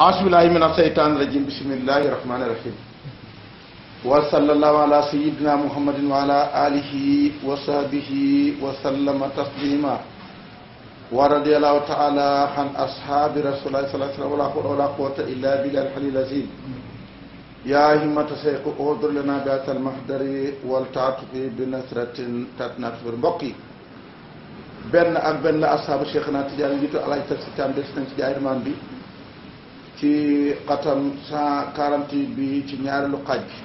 أعوذ بالله من الشيطان الرجيم بسم الله الرحمن الرحيم وصلى الله على سيدنا محمد وعلى آله وصحبه وسلم تسليما ورضي الله تعالى عن أصحاب رسول الله صلى الله عليه وسلم ولا حول ولا قوة إلا بالله الحلي العظيم يا همة سيقو أوضر لنا بات المحضر والتعطف بنصرة تتنفر بقي benn ak benn ashabu cheikh naa tidiane njiitu alaj taf si tam des ci xatam cent quarante bi ci ñaareelu xaaj bi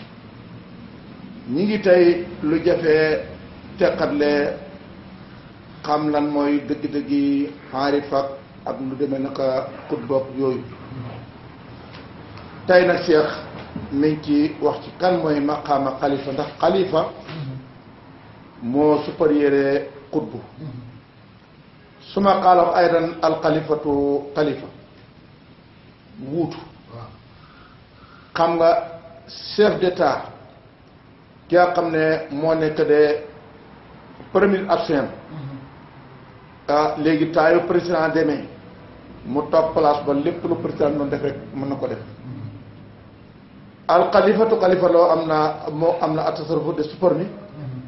ñi ngi tey lu jafee teqatle xam lan mooy dëgg-dëggi xaarif ak lu deme naka xutboog yooyu tey nag Cheikh mi ci wax ci kan mooy maqaama xalifa ndax xalifa moo supérieur xutbu mm-hmm. su ma xaalaw aydan alxalifatu xalifa wuutu xam nga chef d'état ki nga xam ne moo nekk de premier absent mm-hmm. ah léegi taayu président demee mu topp place ba lépp lu président noonu def rek mën na ko def mm-hmm. al xalifatu xalifa loo am na moo am na atasarrufu de supermi mm-hmm.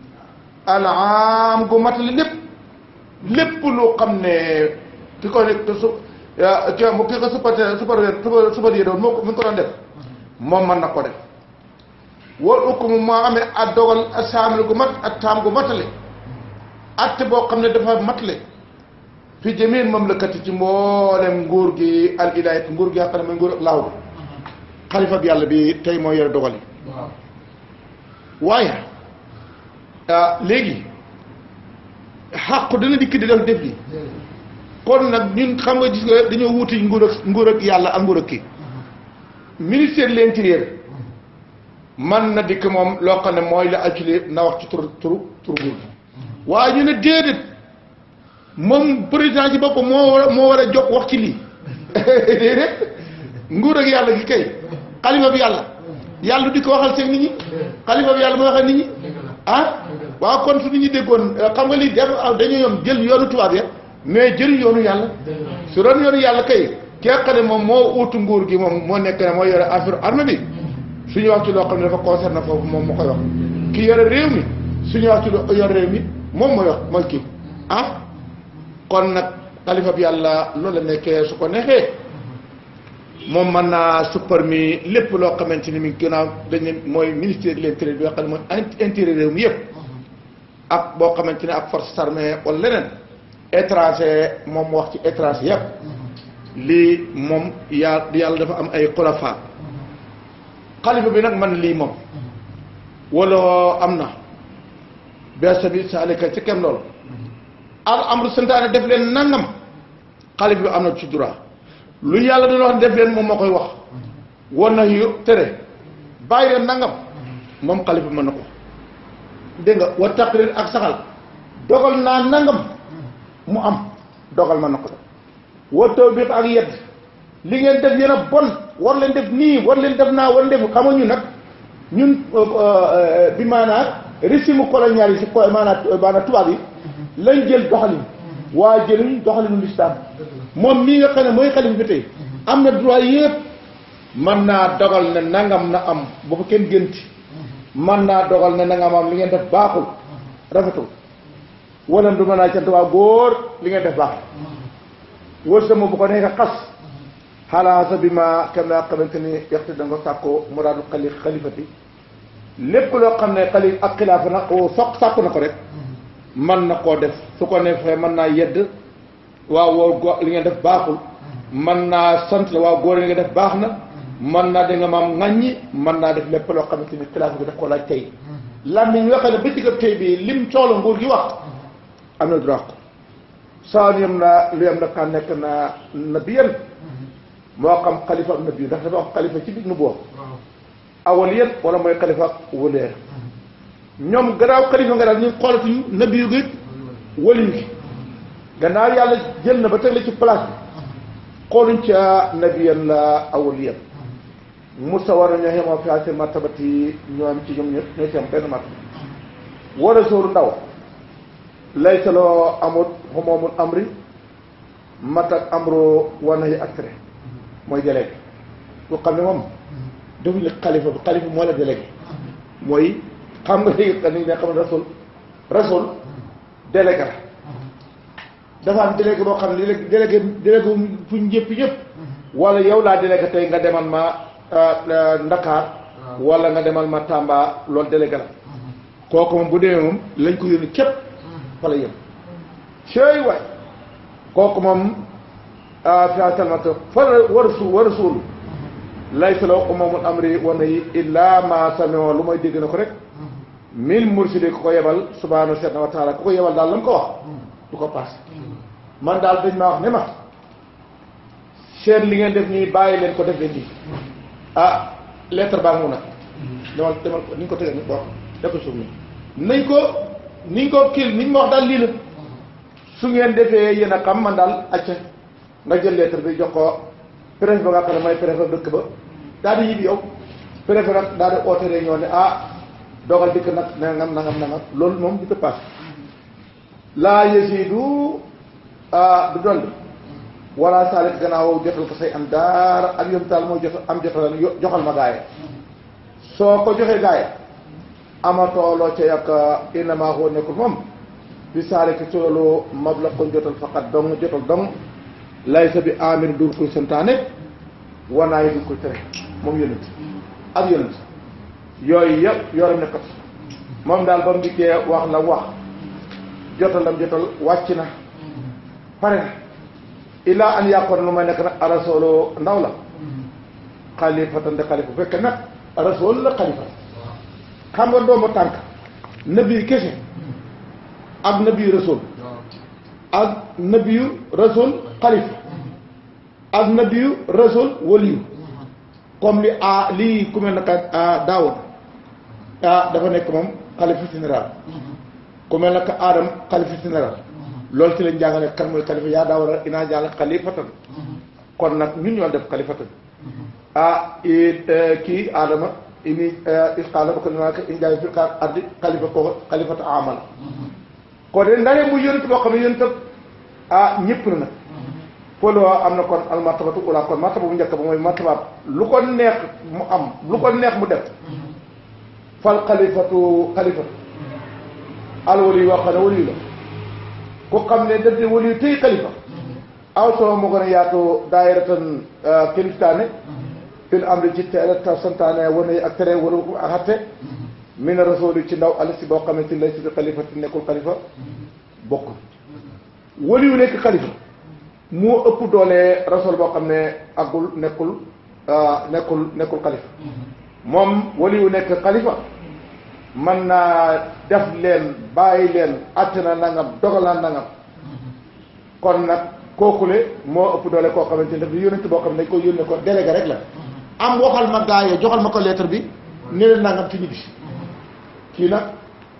al am gu matali lépp lépp lu xam ne ki ko nekk su te mu kii ko supporter supporter supporter doon moo ko mi ngi ko doon def moom man na ko def wal ukkum moo amee ak dogal ak saamil gu mat ak taam gu matale atte boo xam ne dafa matale fi jëmeen mamlakati ci mboolem nguur gi al nguur gi xam ne nguur ak laaw bi xalifa ak yàlla bi tey mooy yore dogal yi waaye euh, léegi xàqu dina dikk di def def kon nag ñun xam nga gis dañoo wuti nguur ak nguur ak yàlla ak nguur ak kii ministère de l'intérieur man na dikk moom loo xam ne mooy la ajuli na wax ci tur tur tur waaye ñu ne déedéet moom président ci boppam moo war a moo war a jox wax ci lii déedéet nguur ak yàlla gi kay xalifa bi yàlla yàlla di ko waxal seen nit ñi xalifa bi yàlla mooy waxal nit ñi ah waaw kon su nit ñi déggoon xam nga lii def dañoo ñoom jël yoonu tubaab ya mais jëriñ yoonu yàlla su doon yoonu yàlla kay kee xam ne moom moo uutu nguur gi moom moo nekk ne moo yore affaire arme bi suñu wax ci loo xam ne dafa foofu moom moo koy wax ki yore réew mi suñu wax ci loo yore réew mi moom mooy wax mooy kii ah kon nag xalifa bi yàlla loolu la nekkee su ko neexee moom mën naa suppar mi lépp loo xamante ni mi ngi gën a dañ mooy ministère de l'intérieur bi nga xam ne mooy intérieur réew mi yëpp ak boo xamante ne ak force armée leneen étranger mom wax ci étranger yépp li mom ya-, yàlla dafa am ay khulafa khalifa bi nak man li mom wala amna na bi ci kem lol al amru santaane def len nangam khalifa bi amna ci dura lu yalla doon wax def len mom makoy wax wona yu tere bayre nangam mom khalifa manako denga ko nga wa taqrir ak saxal dogal na nangam mu am dogal ma naqari wa tawbiq ak yedd li ngeen def yéen a bon war leen def nii war leen def naa war leen def xamuñu nag ñun euh, euh, euh, bi maanaam régime colonial yi si maanaam maanaam tubaab yi mhm. lañ jël doxalin mhm. waa jëluñ doxalinu lislaam moom mii nga xam ne mooy xalif bi tey mhm. am na droit yëpp mën naa dogal ne nangam na am ba fa kenn gënti man naa dogal ne nangam am li ngeen def baaxul rafetul wala du ma naa cant waa góor li nga def baax wër sama bu ko neexee xas xalaasa bi ma kem naa xamante ni yaxte da nga ko sàkkoo muraadu xali xalifati lépp loo xam ne xalif ak xilaafa na ko soq sàkku na ko rek man na koo def su ko neexee mën naa yedd waaw go li ngeen def baaxul man naa sant waa waaw góor li nga def baax na man naa da nga maam ŋàññi man naa def lépp loo xamante ni xilaafa bi daf koo laaj tey lan ni ñu waxee ne bëccëg ak tey bii lim am na droit saaniyam naa li am daf kaa nekk naa nabiyan moo xam xalifa ak nabi dafa xalifa ci biir nu boobu awaliyan wala mooy xalifa ak waliya ñoom gannaaw xalifa nga daal ñu xoolatuñu nabiyu gi waliyu gi gannaaw yàlla jël na ba teg la ci place bi xooluñ ca nabiyan la awaliyan Moussa war nañoo yemoo fi seen martabati ñoom ci ñoom ñoo ci am benn martaba war a sóoru laysa loo amut xumoomul amri matak amro wana yi actré mooy délégué loo xam ne moom defuñu la xalifa bi xalifa moo la délégué mooy xam nga léegi dañuy ne xam ne rasul rasul délégué la dafa am délégué xam ne délégué délégué délégué fu ñu jëpp yëpp wala yow laa délégué tey nga demal ma euh, euh, Ndakaar wala nga demal ma Tamba loolu délégué la mm-hmm. kooku moom bu demee moom lañ ko yónni képp fa la yëm cey waay kooku moom ah, fiatalmata fa warasu wa rasulu laysa la umamul amri wa nayi illa ma samio lu may dégg na ko rek mil mursidi ku ko yebal subhanahu wa taala ku ko yebal daal la mu ko wax du ko paas man daal dañ maa wax ne ma seen li ngeen def nii bàyyi leen ko def leen nii ah lettre baa ngu nag demal demal ni ñu ko tëgee ni boo def ko suuf nii nañ ko niñ ko kii niñ ma wax daal lii la mm-hmm. su ngeen defee yéen a man daal acca nga jël lettre bi jox ko préfet ba nga xam ne mooy préfet dëkk ba mm-hmm. daal di yib yow préfet nag daal di oote réunion ne ah dogal dikk loolu moom di ko paase mm-hmm. laa yasidu ah du dolli wala saalit gannaaw jotal ko say am daara ak yom taal mooy jot am jotal joxal ma gaaya soo ko joxee gaaya amatoo loo ca yàq ma xoo nekkul moom bi saaliki ci loolu ko jotal faqat dong jotal dong lay sa bi amir duul koy santaane wanaayi duñ koy tere moom yonent ak yonent yooyu yëpp yoram nekkat moom daal ba mu dikkee wax la wax jotalam jotal wàcc na pare na ilaa an yàqoon lu may nekk nag arasoolu ndaw la xalifatan de xalifa bu fekkee nag arasoolu la xalifa xam nga doomu tànk nabi kese ak nabi rasul ak nabi rasul xalif ak nabi rasul waliyu comme li a ah, lii ku mel naka ah, daawud ah dafa nekk moom xalifa général ku mel naka adam xalifa général loolu ci lañ jàngale kan mooy xalifa yaa daa war a inaa jàll xalifatan kon nag ñun ñoo def xalifatan ah, eh, kii aadama ini eh, isqala ba kalimaka in jaay fil ardi xalifa ko xalifatu amal ko de ndare mu yonent boo xam ne yonent ah ñëpp na nag fóolu waa am na kon al martabatu ula kon martaba bu njëkk ba mooy martaba lu ko neex mu am lu ko neex mu def al wali yoo xam ne wali la ku xam ne daf wali tey xalifa aw solo mu gën a yaatu daayiratan eh, kiliftaane fil amri ci teel a santaane war nañu ak tere war ak xatte min rasuli ci ndaw alis boo xamante ne si xalifa ti nekkul xalifa bokkul wali yu nekk xalifa ëpp doole rasul boo xam ne agul nekkul ah, nekkul nekkul xalifa moom wali yu nekk xalifa mën naa def leen bàyyi leen àtte na nangam dogal na nangam kon nag kookule moo ëpp doole koo xamante ne daf yónnent boo xam ne dañ ko yónnee ko délégué rek la am waxal ma gaayee joxal ma ko lettre bi ne leen nangam ci ñibbi kii nag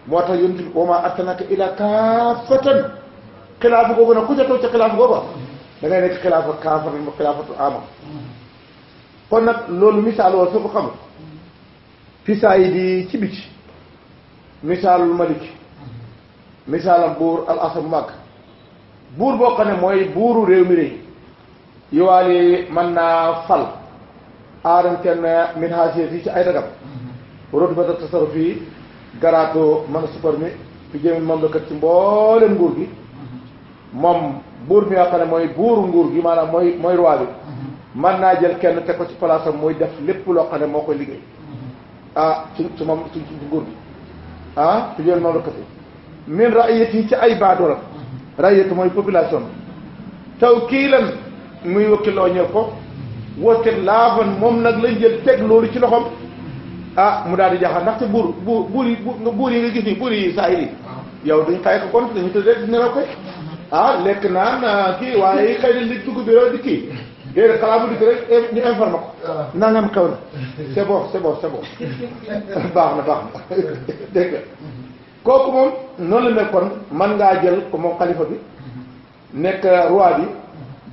moo tax yonent bi wa maa arsalnaaka illaa kaaffatan xilaafa googu nag ku ca toog ca xilaafa googa da ngay nekk xilaafa kaafa nag loolu misaal wala soo ko xamul fisaa yi di ci biti misaalul malik misaalal buur al asam màgg buur boo xam mooy buuru réew mi rëy yiwaale mën naa fal aaranten min ha fii ci ay dagam warootu ba daf fii garaatoo mën a suppar mi fi jëmin moom la kat ci mboolem nguur gi moom buur mi nga xam mooy buuru nguur gi maanaam mooy roi bi man naa jël kenn te ko ci place am muy def lépp loo ne moo koy liggéey ah ci ci moom ci nguur gi ah fi jëmin moom la kat ci yi ci ay baadoolam raiyat mooy population taw kii lan muy wëkkiloo ñëw ko laa laafan moom nag lañ jël teg loolu ci loxoom ah mu daal di jaaxal ndaxte buur buur buur yi buur yi nga gis ni buur yi saa yi yow duñ xay ko kon dañu tëdd rek nelaw koy ah lekk naan ah, kii waaye xëy na li dugg biro di kii déedéet xalaat bu dikk rek ñu informé ko nangam xew na c'est bon c'est baax na baax na dégg nga kooku moom noonu la nekkoon man ngaa jël ko moom xalifa bi nekk roi bi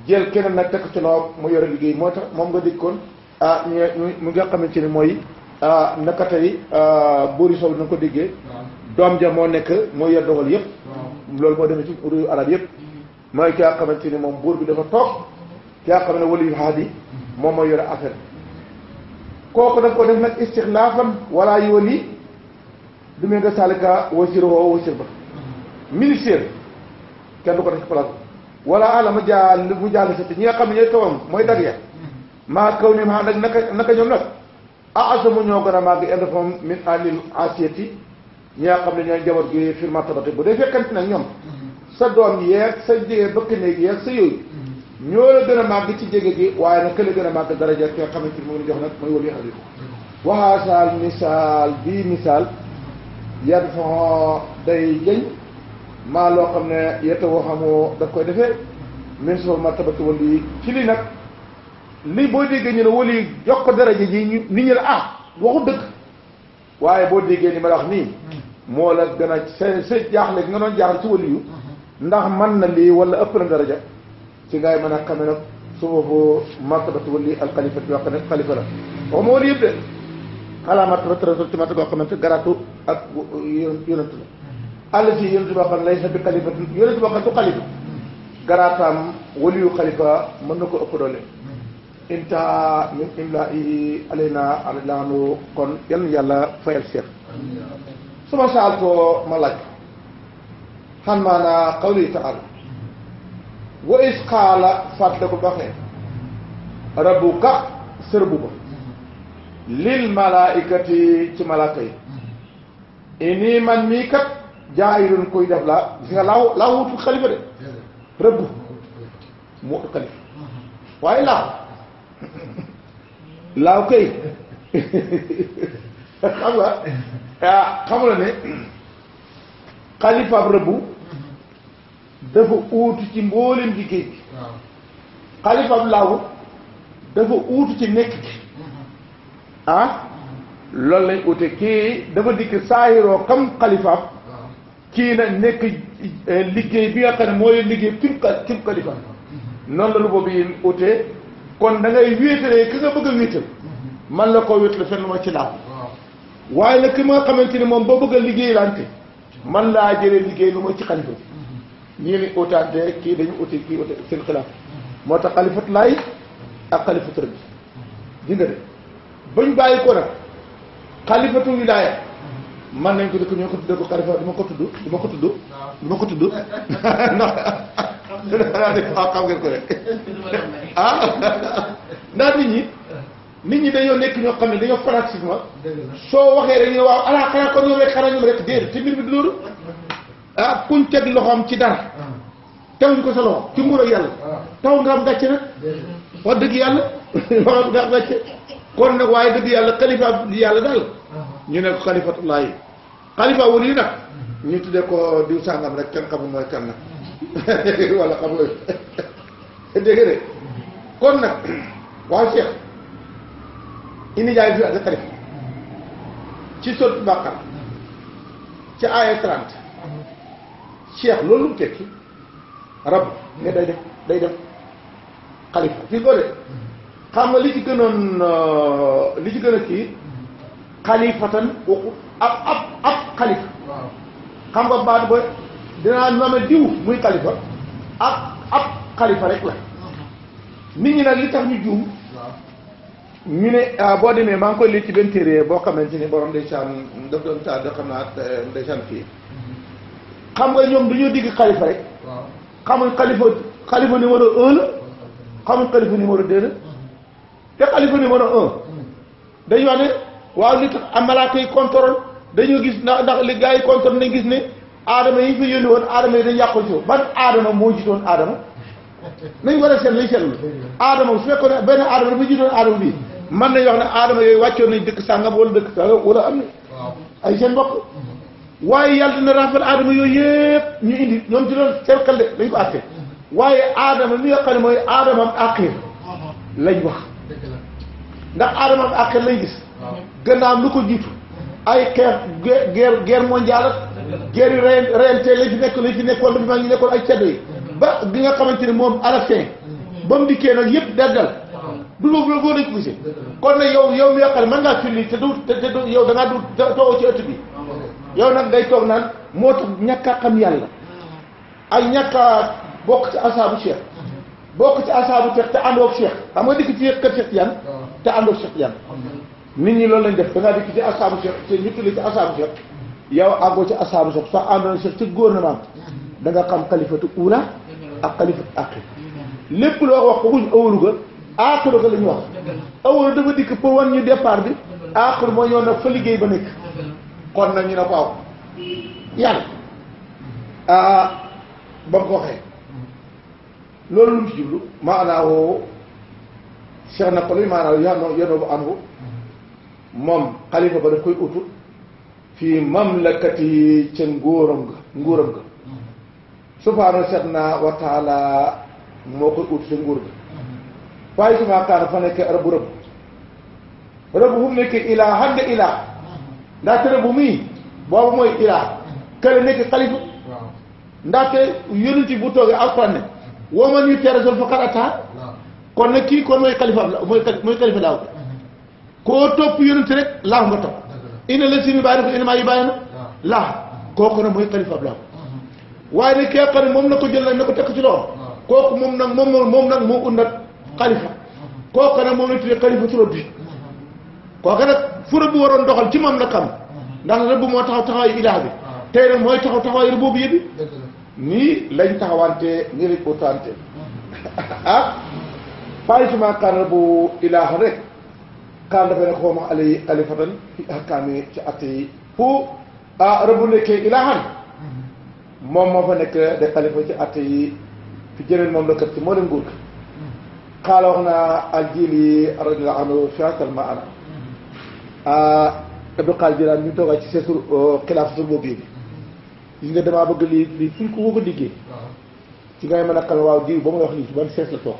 jël keneen nag tekk ci loxoom mu yore liggéey moo tax moom nga dikkoon ah mu nga xamante ni mooy ah naka tey ah, buuri sow na ko déggee. doom ja moo nekk mooy yor dogal yëpp. loolu moo demee ci réewu arab yëpp. mooy moom buur bi dafa toog ki nga xam ne mooy yore affaire kooku daf ko def nag istixlaafan wala yooli du mee nga saalika wasir woo ba mm-hmm. ministère kenn du ko def place wala alama jaa mu jàll sa ñi nga xam ne ñooy kawam mooy dag ya mm-hmm. maa kaw ni ma nag naka naka ñoom nag aasamu ñoo gën a màgg indi moom min alil asiyati ñi nga xam ne ñooy njaboot gi firma tabati bu dee fekkante nag ñoom mm-hmm. sa doom yeeg sa jege bëkk néeg yeeg sa yooyu mm-hmm. ñoo la gën a màgg ci jege gi waaye nag kële gën a màgg daraja ki nga xamante ni moom la jox nag mooy wali xarit waxaasaal misaal bii misaal yad fa day jëñ maa loo xam ne yetta woo xamoo daf koy defee min soo martabati wali ci li nag li boo déggee ñu ne wali jox ko daraja ji ñu nit ñi la ah waxu dëgg waaye boo déggee ni ma la wax nii moo la gën a sa sa jaaxle gi nga doon jaaxle ci wali yu ndax man na lii wala ëpp na daraja ci ngay mën a xame nag su boobu yi wali alxalifa bi wax ne xalifa la waxuma wali yëpp de xalaa martabati rasul ci marta goo xamante garaatu ak yonent la àll si yonent boo xam ne lay sa bi xalifa yonent boo xam du xalifa garaataam waliyu ko min imlaahi alayna alaanu kon yan yàlla fayal seex su ma saal ko ma laaj xan maanaa qawli taala wa is rabbuka sërbu ba lil malaikati ci malaaka yi ini jaa yi koy def laa gis nga laaw laaw wutul xalifa de rëbb moo ut xalifa waaye laaw laaw kay xam nga ah ne xalifaab rëbb dafa uutu ci mboolem gi géej gi xalifaab laaw dafa uutu ci nekk gi ah loolu lañ uute kii dafa dikk saahiroo kam xalifaab kii na nekk euh, liggéey bi nga xam ne mooy liggéey kim ka kim kalifa noonu la lu boobu yi utee kon da ngay ki nga bëgg wéetal man la koo wéetal fenn ma ci laaw waaye nag ki ma nga xamante ni moom boo bëgg a liggéey lante man laa jëlee liggéey lu ma ci xalifa bi ñii ni utaatee kii dañu uti kii uti seen xilaaf moo tax xalifat laay ak xalifatu rabbi di nga de bañ bàyyi ko nag xalifatu wilaaya man nañ ko dëkk ñoo ko tuddee ko xalifa duma ko tudd duma ko tudd duma ko tudd ndax waaw xam ngeen ko rek ah ndax nit ñi nit ñi dañoo nekk ñoo xam ne dañoo pratiquement soo waxee rek ñu waaw ala xanaa kon ñoom rek xanaa ñoom rek déedéet bi du loolu ah kuñ teg loxoom ci dara ah. tawuñ ko sa loxo ci nguur ak yàlla ah. taw nga am gàcce nag wax dëgg yàlla wax nga am gàcce kon nag waaye dëgg yàlla xalifa yàlla daal ah. ñu ne ko xalifatullaahi xalifa wul yi nag ñu tuddee ko diw sàngam rek kenn xamul mooy kan nag wala xam nga de kon nag waaw Cheikh indi jaay bi ak xalifa ci sol bàqar ci aaya 30 Cheikh loolu tekki rab ne day def day def xalifa fii ko de xam nga li ci gënoon euh, ci gën a kii xalifatan xalifa xam nga baat ba dinaa noome diw muy xalifa ak ab xalifa rek la nit ñi nag li tax ñu juum ñu ne ah, boo demee maa ngi koy lii benn téere boo xamante ni borom ndeysaan daf doon taal da xam naa ah, ndeysaan fii xam nga ñoom dañoo digg xalifa rek xamuñ xalifa xalifa numéro un la xamuñ xalifa numéro deux la te xalifa numéro un dañu wax ne waaw li tax am malaaka dañoo gis ndax ndax li gars yi nañ gis ne aadama yi fi yónni woon aadama yi dañ yàqoon ci ban aadama moo jiitoon aadama nañ war a seet lañ seetlu aadama su fekkoon ne benn aadama dafa jiitoon aadama bii man nañ wax ne aadama yooyu wàccoon nañ dëkk sàngam wala dëkk sàngam wala am na ay seen mbokk waaye yàlla dina rafal aadama yooyu yëpp ñu indi ñoom ci doon cercle de lañ ko àtte waaye mi nga xam ne mooy aadama am ndax aadama am àqir lañ gis lu ko jiitu ay xeex guerre guerre mondiale ak guerre yu reen rente la ci nekk la ci nekkoon dafa maa ngi nekkoon ay ceddo yi ba gi nga xamante ni moom à la fin ba mu dikkee nag yëpp daggal du loolu loolu boo dañ poussé kon nag yow yow mi nga xam ne mën ngaa firli te du te du yow da ngaa du toogoo ci ëtt bi yow nag day toog naan moo tax ñàkk a xam yàlla ak ñàkk a bokk ci asaabu cheikh bokk ci asaabu cheikh te àndoo ak cheikh xam nga dikk ci kër cheikh yan te àndoo ak cheikh yan nit ñi loolu lañ def da ngaa dikk ci asaabu cheikh te ñu tudd ci asaabu cheikh yow àggoo ci asaabu cheikh soo àndoon cheikh ci gouvernement da nga xam xalifatu ula ak xalifatu aqi lépp loo wax ko wuñ la ñu wax awalu dafa dikk pour ñu départ bi aaxiru moo liggéey ba ne waaw yàlla ah ba mu ko waxee loolu lu mu ci jublu maanaa woo cheikh na ko luy maanaa yanoo yanoo bu anhu moom xalifa ba daf koy utu fii mamlakati ca nguuram nga nguuram nga subhaana seet naa wa taala moo koy utu ca nguur ga waaye kaana fa nekk rëbb rëbb rëbb fu ilaa xam ilaa ndaxte rëbb mii boobu mooy ilaa kële nekk xalifa ndaxte yonent bu toogee alxuraan ne woo ma ñuy tere sol fa xalaat kon nag kii kon koo topp yonent rek laaw nga topp ina la si bàyyi na ko ina maa yi bàyyi na ah. laaw kooku nag mooy xalifa ab mm-hmm. waaye nag kee ne moom na ko jël nag na ko tekk ci loxo ah. kooku moom nag moom moom nag moo undat xalifa mm-hmm. kooku nag moom la tuddee xalifa turab bi mm-hmm. kooku nag fura bu waroon doxal ci moom la xam ndax rëbb moo taxaw taxawaayu ilaah bi ah. tey nag mooy taxaw taxawaayu rëbb boobu yëpp nii lañ taxawante ngir ko tante ah parlement kan bu ilaah rek kaan dafay nag xooma ali ali fatan fi ahkaami ci atte yi fu ah rëbbu nekkee ilaahan moom moo fa nekk de xalifa ci atte yi fi jëleen moom la kër ci moo leen nguur xaala wax naa aljili radiyallahu anhu fiasal ma ana ah Abdou Khadre Djilaani ñu toogaa ci seesu uh, xilaaf su boobu bi yi nga damaa bëgg lii lii fuñ ko woo ko liggéey ci ngay mën a xam waaw jiw ba muy wax lii ci ban sees la toog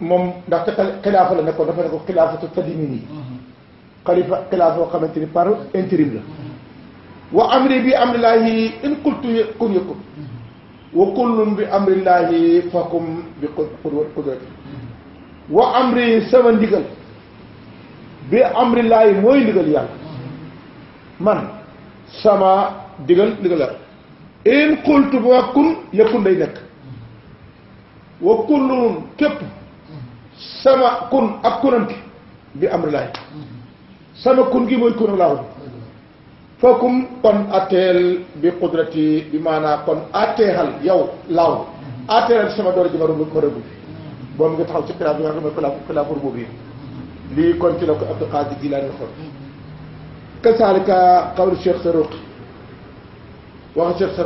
moom ndax te xilaafa la nekkoon dafa ne ko xilaafatu tadimini yi mm-hmm. xalifa xilaafa boo xamante ni par intérim la mm-hmm. wa amri bi amrillahi in qultu kun yakun mm-hmm. wa kullun bi amrillahi fakum bi qudrati wa amri sama ndigal bi amrillahi mooy ndigal yàlla man sama digal ndigal la in qultu ba kun yakun day nekk wa kullun képp sama kun ak kunam gi bi am rilaay sama kun gi mooy kunu laaw bi fookum kon atteel bi qudrati bi maana kon atteexal yow laaw atteexal sama doole ji ma rëbb ma rëbb bi boobu nga taxaw ci xilaafu yi nga xam ne xilaafu xilaafu boobu yi lii kon ci la ko Abdul Qaadir Jilaani waxoon kasaalika qawlu Cheikh Saroqi wax Cheikh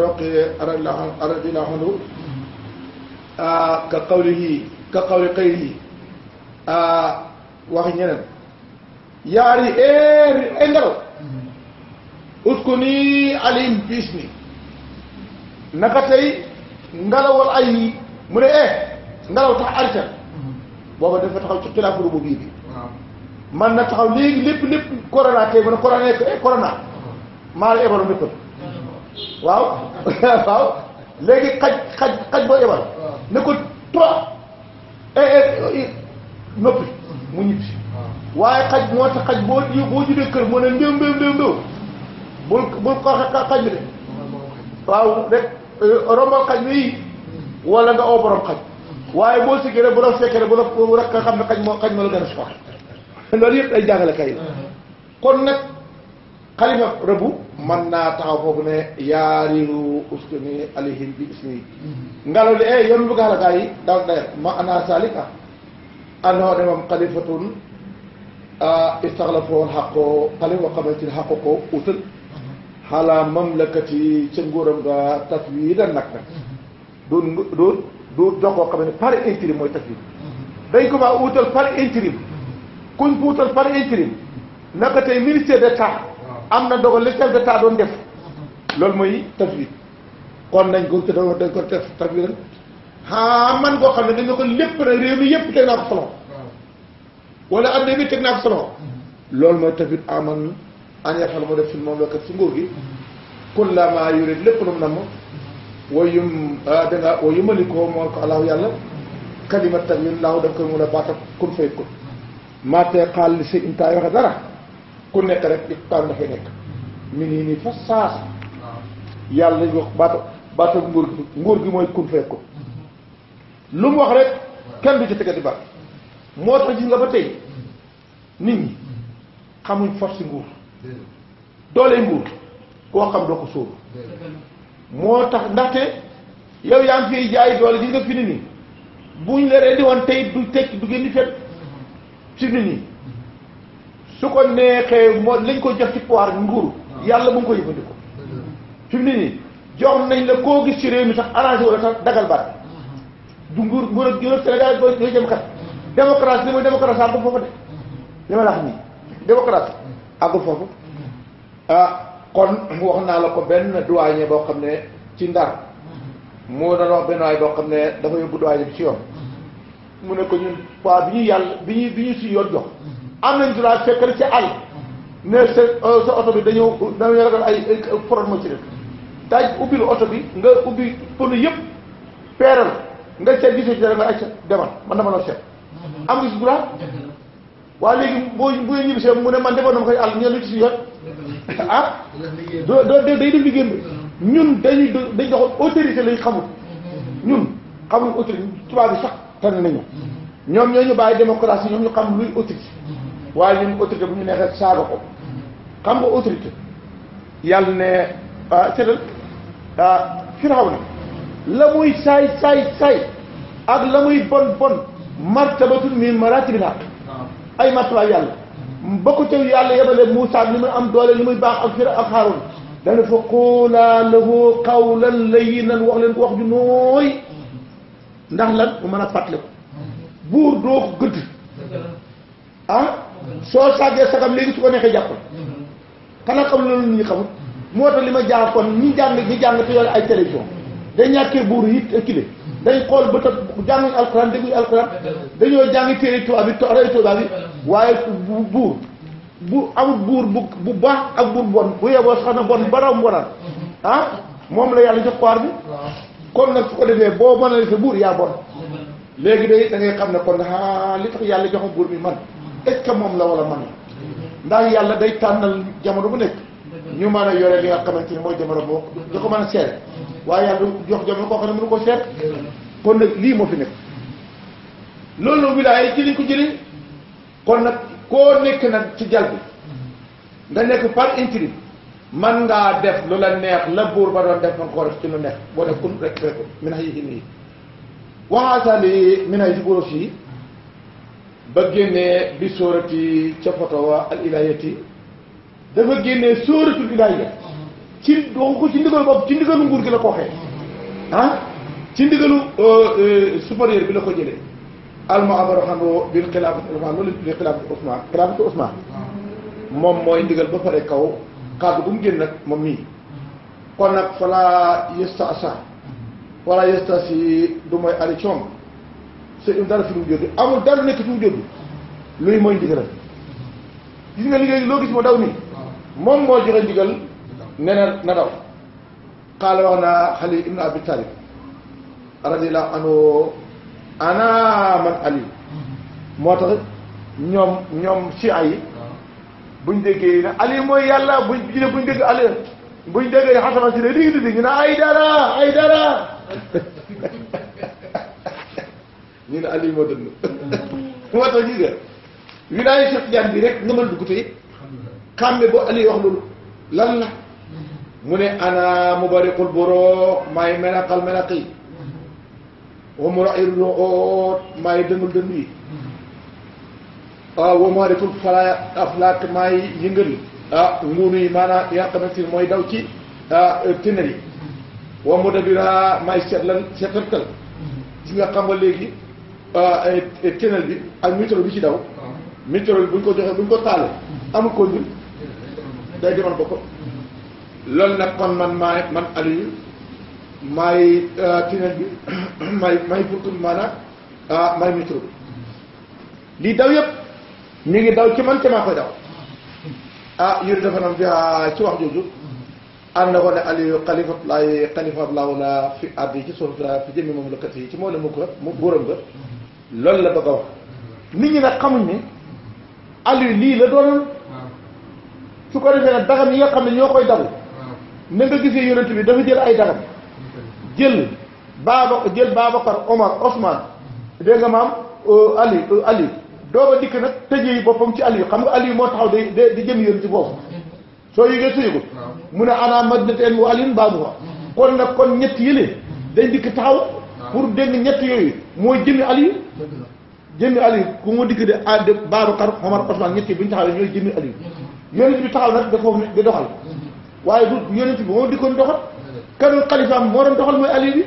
ah, ka qawlihi ka qawli waxi ñeneen yaari eeri ay ngelaw uskuni alim biis ni naka tey ngelawal ay mu ne eh ngelaw tax arca booba dafa taxaw ci xilaafu rububiyya bi man na taxaw léegi lépp lépp corona tey mu ne corona eh corona maa la ebal waaw léegi xaj xaj xaj boo ebal ne ko trois eh, eh, noppi mu ñibbi si waaye xaj moo tax xaj boo boo judee kër moo ne mbéw mbéw mbéw mbéw bul bul ko xaj bi de waaw rek euh, rombal xaj bi wala nga oo borom xaj waaye boo siggee rek bu la fekkee rek bu la rek xam ne xaj moo xaj moo la gën a soxla loolu yëpp ay jàngale kay kon nag xalifa naa taxaw foofu ne yaariru uskani alihim bi ismi mm-hmm. ngelaw eh, yi daal dayal ma ana salika an hoore moom xalifatun istaxlafoo xaqoo xale boo xamante ni xaqu ko utal xalaa mamlakati ca nguuram nga taswiidan nag nag du du du jox koo xam ne par intérim mooy taswiid dañ ko maa utal par intérim kuñ ko utal par intérim naka tey ministère d'état am na dogal li chef d'état doon def loolu mooy taswiid kon nañ ko dañ ko def taswiid ah man koo xam ne dañ ko lépp nag réew mi yëpp naa ko solo wala adduna bi teg naa ko sama mhm. loolu mooy tamit aman an yafal mu def fil moom lookat si nguur gi mhm. kun la maa lépp lu mu namm mhm. wayum ah, da nga wayu malikoo ko allahu yàlla kalima tag yu laaw daf koy a baatak kun fay kun maatee xaal li si intaay waxe dara nekk rek i taan dafay nekk mi nii nii fa saasa yàlla lañ wax baata baata nguur gi nguur gi mooy kun fay kun lu mu wax rek kenn du ci tege di baat moo tax gis nga ba tey nit ñi xamuñ force nguur doole nguur koo xam doo ko sóobu moo tax ndaxte yow yaa ngi fiy jaay doole gis nga fi nit ñi buñ la rendi woon tey du tekki du génn fet ci nit ñi su ko neexee moo lañ ko jox ci pouvoir nguur yàlla mu ko yëfandiko fi mu ne nii jox nañ la koo gis ci réew mi sax arrangé wala sax dagal baat du nguur nguur ak Sénégal doo jëm kat démocratie li muy démocratie àggul foofu de li ma la wax nii démocratie àggul foofu ah kon wax naa la ko benn doyen boo xam ne ci ndar moo doon wax xam ne dafa yóbbu doyen ci yoon mu ne ko ñun poids bi yàlla bi ñu bi ñu yoon am nañ droit fekk ci euh, oto bi dañoo dañoo ragal ay forod moo ci def daaj ubbi lu oto bi nga ubbi pënu yëpp peeral nga seet bi ci dara nga acca demal man dama la seet am nga ci droit waaw léegi boo bu ngeen ñibbisee mu ne man defoon na ma koy àll ñu lu ci si jot ah doo doo day def liggéeyam ñun dañuy dañ doxoon autorité lañ xamul ñun xamul autorité tubaab bi sax tànn nañu ñoom ñoo ñu bàyyi démocratie ñoom ñu xam luy autorité waaye ñun autorité bu ñu neexee saaga ko xam nga autorité yàlla ne ah seetal ah, firaw na la muy saay saay saay ak la muy bon bon martabatun min maratibil haq ay martabaay yàlla ba ko yàlla yebale Moussa li muy am doole li muy baax ak fir ak Haarun dana fa quulaa lahu qawlan layyinan wax leen ko wax ju nooy ndax lan mu mën a fàttali ko buur doo ko gëdd ah soo sàggee sagam léegi su ko neexee jàppal xanaa xam loolu nit ñi xamul moo tax li ma jaar kon ñi jàng ñi jàng te yore ay télévision day ñàkkee buur yi kile day xool ba tax jànguñ alxuraan dégguñ alxuraan dañoo jàngi téere tubaab bi toray tubaab bi waaye buur bu amul buur bu bu baax ak buur bon bu yeboo sax bon baram bonal ah moom la yàlla jox xoir bi kon nag su ko defee boo mën buur yaa léegi day da ngay xam ne kon a ah, li tax yàlla joxam bi man est-ce que moom la wala man la ndax yàlla day tànnal jamono bu nekk ñu mën a yore li nga xamante ni mooy jamono boo da ko mën a seet waaye yàlla du jox jom koo xam ko seet kon nag lii moo fi nekk loolu wilaaya ci liñ ko jëlee kon nag koo nekk nag ci jal nga nekk par intérim man ngaa def lu la neex la buur ba doon def man koo def ci lu neex boo def kun rek rek mi nax yi xin yi waxaasaali mi nax yi burof yi ba génnee bi sóorati ca foto wa al ilaayati dafa génnee sóoratul ilaaya ci waxu ko ci ndigalu ci ndigalu nguur gi la ko waxee ah ci ndigalu euh, euh, supérieur bi la ko jëlee almoamaro xam o bil xilaafati Ousmane loolu moom mooy ndigal ba pare kaw kàddu bu mu génn nag moom mii kon nag fala yesta sa fala yesta si du mooy ali coom c'est une dara fi mu jóge amul dara nekk fi mu jóge luy mooy ndigalam gis nga liggéey loo gis mu daw nii moom moo joxe ndigal ne na na daw qaala wax na xali abi talib radiallahu anhu ana man ali moo tax ñoom ñoom ci buñ déggee ne ali mooy yàlla buñ ne buñ dégg ali buñ déggee xasaman si ne digi di di ali moo dënd moo tax ñu nga wilaaya Cheikh Diagne bi rek nga mën dugg te xàmme boo ali wax loolu lan la mu ne ana mubariqul buruq maay menaqal menaq yi wa mura'il ru'ud maay dëndul dënd yi wa muharrikul aflaak maay yëngal ah, nguunu yi maanaam yi nga xamante mooy daw ci ah, tinari wa mudabbira maay seetlal seetlatal gis nga xam nga ah, bi ak bi ci daw météo bi buñ ko joxee buñ ko taalee amul ko ñun day loolu nag kon man maay man Aliou maay euh, may may buntu maanaam euh, may métro bi lii daw yëpp ñu ngi daw ci man te maa koy daw ah yuri dafa nam fi ah, ci wax jooju ànd na ko ne Aliou xalifat laay xalifat laaw la fi àddi ci suuf ah, fi jëmmi moom la yi ci moo la mu ko mu bóoram nga loolu la bëgg a wax nit ñi nag xamuñ ni Aliou lii la doon su ko defee nag dagam yi nga xam ne ñoo koy daw na nga gisee yonent bi dafa jël ay dagam jël baaba jël Babacar Omar Ousmane dégg nga maam euh, Ali euh, Ali doo ba dikk nag tëjee boppam ci Ali xam nga Ali moo taxaw day day di jëm yonent boobu soo mu ne ana madinateen wa alin baabu fa kon nag kon dañ dikk taxaw pour dégg ñetti yooyu mooy jëmmi Ali jëmmi Ali ku mu dikk de ah de Babacar Omar Ousmane ñett yi bu ñu taxawee ñooy jëmmi Ali yonent bi taxaw nag da foofu di doxal waaye du yonent bi moo dikkoon doxal kanu xalifaam moo doon doxal mooy ali bi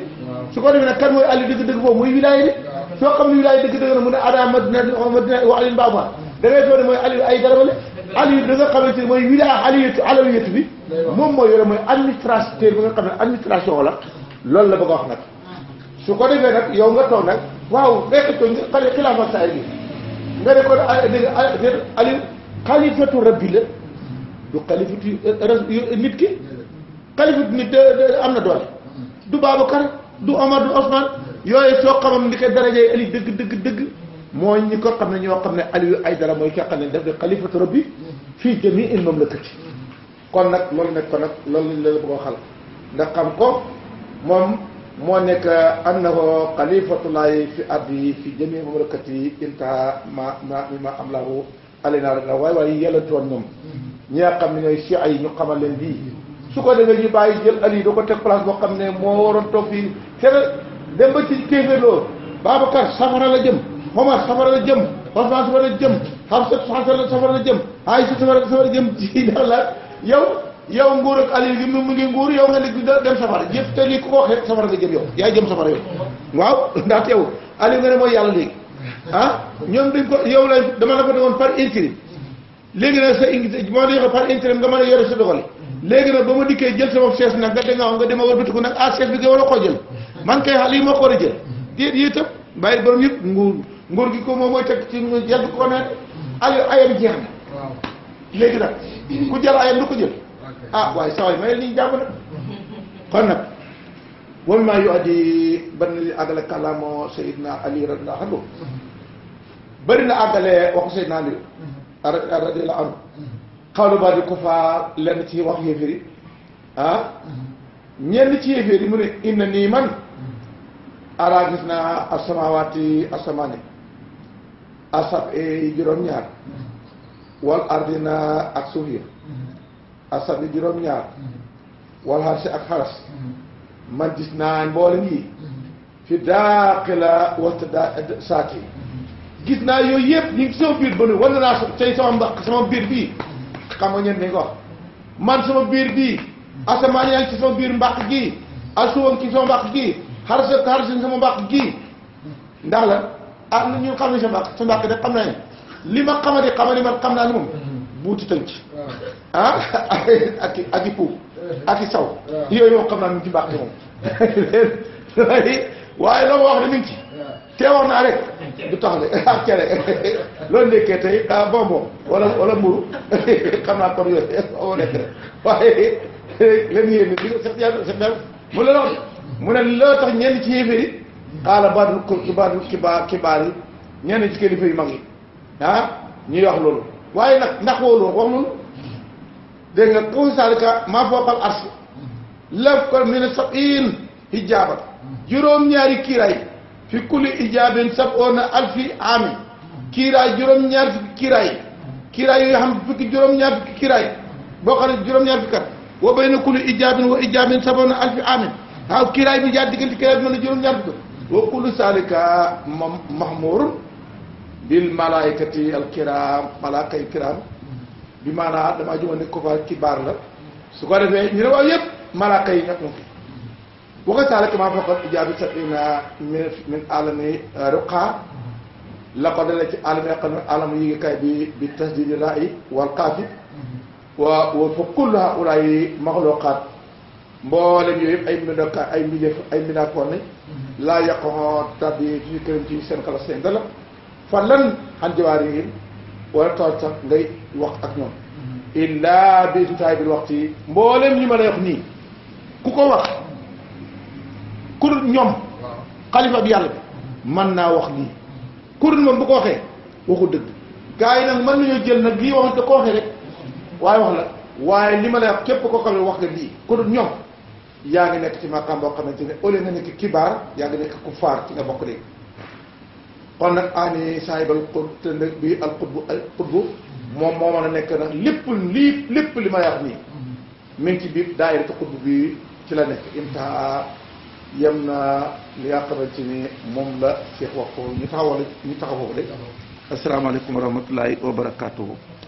su ko defee nag kan mooy ali dëgg-dëgg boobu mooy wilaaya bi soo xam ne wilaaya dëgg-dëgg na mu ne ada madina madina wa alin baabuha da ngay doon mooy ali ay darabale ali da nga xamante ne mooy wilaaya aliyatu alawiyatu bi moom mooy yore mooy administrateur bi nga xam ne administration la loolu la bëgg a wax nag su ko defee nag yow nga toog nag waaw fekk toog xale xilaafa saa yi bi nga ne ko ah, ah, dégg nga ali xalifatu rabbi la du xalifatu nit ki xalifatu nit am na doole du Babacar du Omar du Ousmane yooyu soo xamam ni ko darajee ali dëgg dëgg dëgg mooy ñu ko xam ne ñoo xam ne ay Aïdara mooy ki xam ne def di xalifatu rabbi fii jamii il mamlakati kon nag loolu nekk ko nag loolu lañ la bëgg a ndax xam ko moom moo nekk annahu xalifatullahi fi ardi fi jamii mamlakati intaha ma ma ma am lahu ale naa la waay waaye yàlla toon ñoom ñi nga xam ne ñooy si ay ñu xamal leen lii su ko defee ñu bàyyi jël ali da ko teg place boo xam ne moo waroon toog fii te dem ba ci téeméer loolu Babacar safara la jëm Omar safara la jëm Ousmane safara la jëm Xamsa safara la jëm Aïssa safara jëm ci la yow yow nguur ak ali gi mu ngi nguur yow nga nekk dem safara jëf te lii ko waxee safara nga jëm yow yaay jëm safara yow waaw ndax yow ali nga ne mooy yàlla léegi ah ñoom dañ ko yow lañ dama la ko defoon par intérim léegi nag sa intérim moo tax par intérim nga mën a yore sa dogal léegi nag ba ma dikkee jël sama chaise nag nga danga nga dema wëlbatiku ah, nga war a koo jël man kay ah, lii moo ko war a jël yëpp nguur nguur gi ko moom mooy teg ci yàgg ko ne ay ayam jeex na léegi nag ku jël ayam du ko jël ah waaye saa waay may li ñu jàpp nag kon nag wa mimmaa yu addi bari na li àggale kàllaama Seydina Ali radiyallaahu anhu bëri na àggale waxu Seydina Ali radiyallaahu anhu xawlu ba di ko faa lenn ci wax yéeféer yi ah ci yéeféer yi mu ne inna nii araa gis naa asamawaati asamaani asab e juróom-ñaar wal ardina ak suuf ya asab e juróom-ñaar wal xarsi ak xaras man gis naa mbool yi fi daaqila wasta daa saaki gis naa yooyu yëpp ñu ngi sama biir ba nu naa tey sama mbaq sama biir bii xam nga ñen dañ man sama biir bii asamaan yaa ngi ci sama biir mbaq gii asuwan ci sama mbaq gii xarasa xarasa sama mbaq gii ndax la ah na ñun xam ne sa mbaq sa mbaq de xam naa ne li ma xamadi xamadi man xam naa ne moom mm-hmm. buuti tënk ah ak ak i ak i saw yooyu moom xam naa mi ngi ci mbaax moom waaye loo ma wax ne mi ngi ci teewoon naa rek du tax de ak cere loolu ndekkee tey ah bonbon wala wala mburu xam naa kon yooyu oo lekk rek mu ne loolu mu ne loo tax ñenn ci yéeféeri xaala baadul baadul kibaar kibaar yi ñenn ci kilifa yu mag yi ah, ñuy wax loolu waaye nag ndax woo loolu wax loolu dégg nga kun salika maa fooqal ars laf ko mi ne sabiin hijaaba juróom-ñaari kiiraay fi kulli hijaabin saboona alfi aami kiiraay juróom-ñaar fukki kiiraay kiiraay yoo xam fukki juróom-ñaar fukki kiiraay boo xam ne juróom-ñaar fukki at wa bayna kulli hijaabin wa hijaabin saboona alfi aami waaw kiiraay bi jaar diggante kiiraay bi mën na juróom-ñaar fukki wa kullu salika mahmurun bil malaikati al kiram malaaka yi kiram bi maanaa damaa juma ne ko fa ci baar la su ko defee ñu ne waaw yëpp malaaka yi nekk na fi waxee saa rek maa faqat ijaabi sabina min min alami ruqa la ko dalee ci alami xam ne yi kay bi bi tasdidi ra'i wal wa fa kullu haulaay maxluqaat mboolem yooyu yëpp ay mbindoka ay mbindeef ay mbindaakoon nañ laa ci seen xala seen dala fan lan jawaar yi wala tooñ sax ngay wax ak ñoom mm-hmm. illaa bi taay bi wax ci mbooleem li ma lay nii ku ko wax kur ñoom xalifa bi yàlla bi mm-hmm. mën naa wax nii kur moom bu ko waxee waxu dëgg gars yi nag mën nañu jël nag lii wax da ko waxee rek waaye wax na waaye li ma lay wax képp koo xam ne wax nga lii kur ñoom yaa ngi nekk ci màkkaam boo xamante ne au lieu nga nekk kibaar yaa ngi nekk ku faar ci nga bokk léegi kon nag aani saahibal qutb bi al qutbu al qutbu moom moo mën a nekk nag lépp lii lépp li ma yàq nii mi ngi ci biir daayiratu qutb bi ci la nekk intaha yem na li nga xamante ni moom la Cheikh wax ko ñu taxaw ñu taxaw foofu de asalaamaaleykum wa rahmatullahi wa barakaatuhu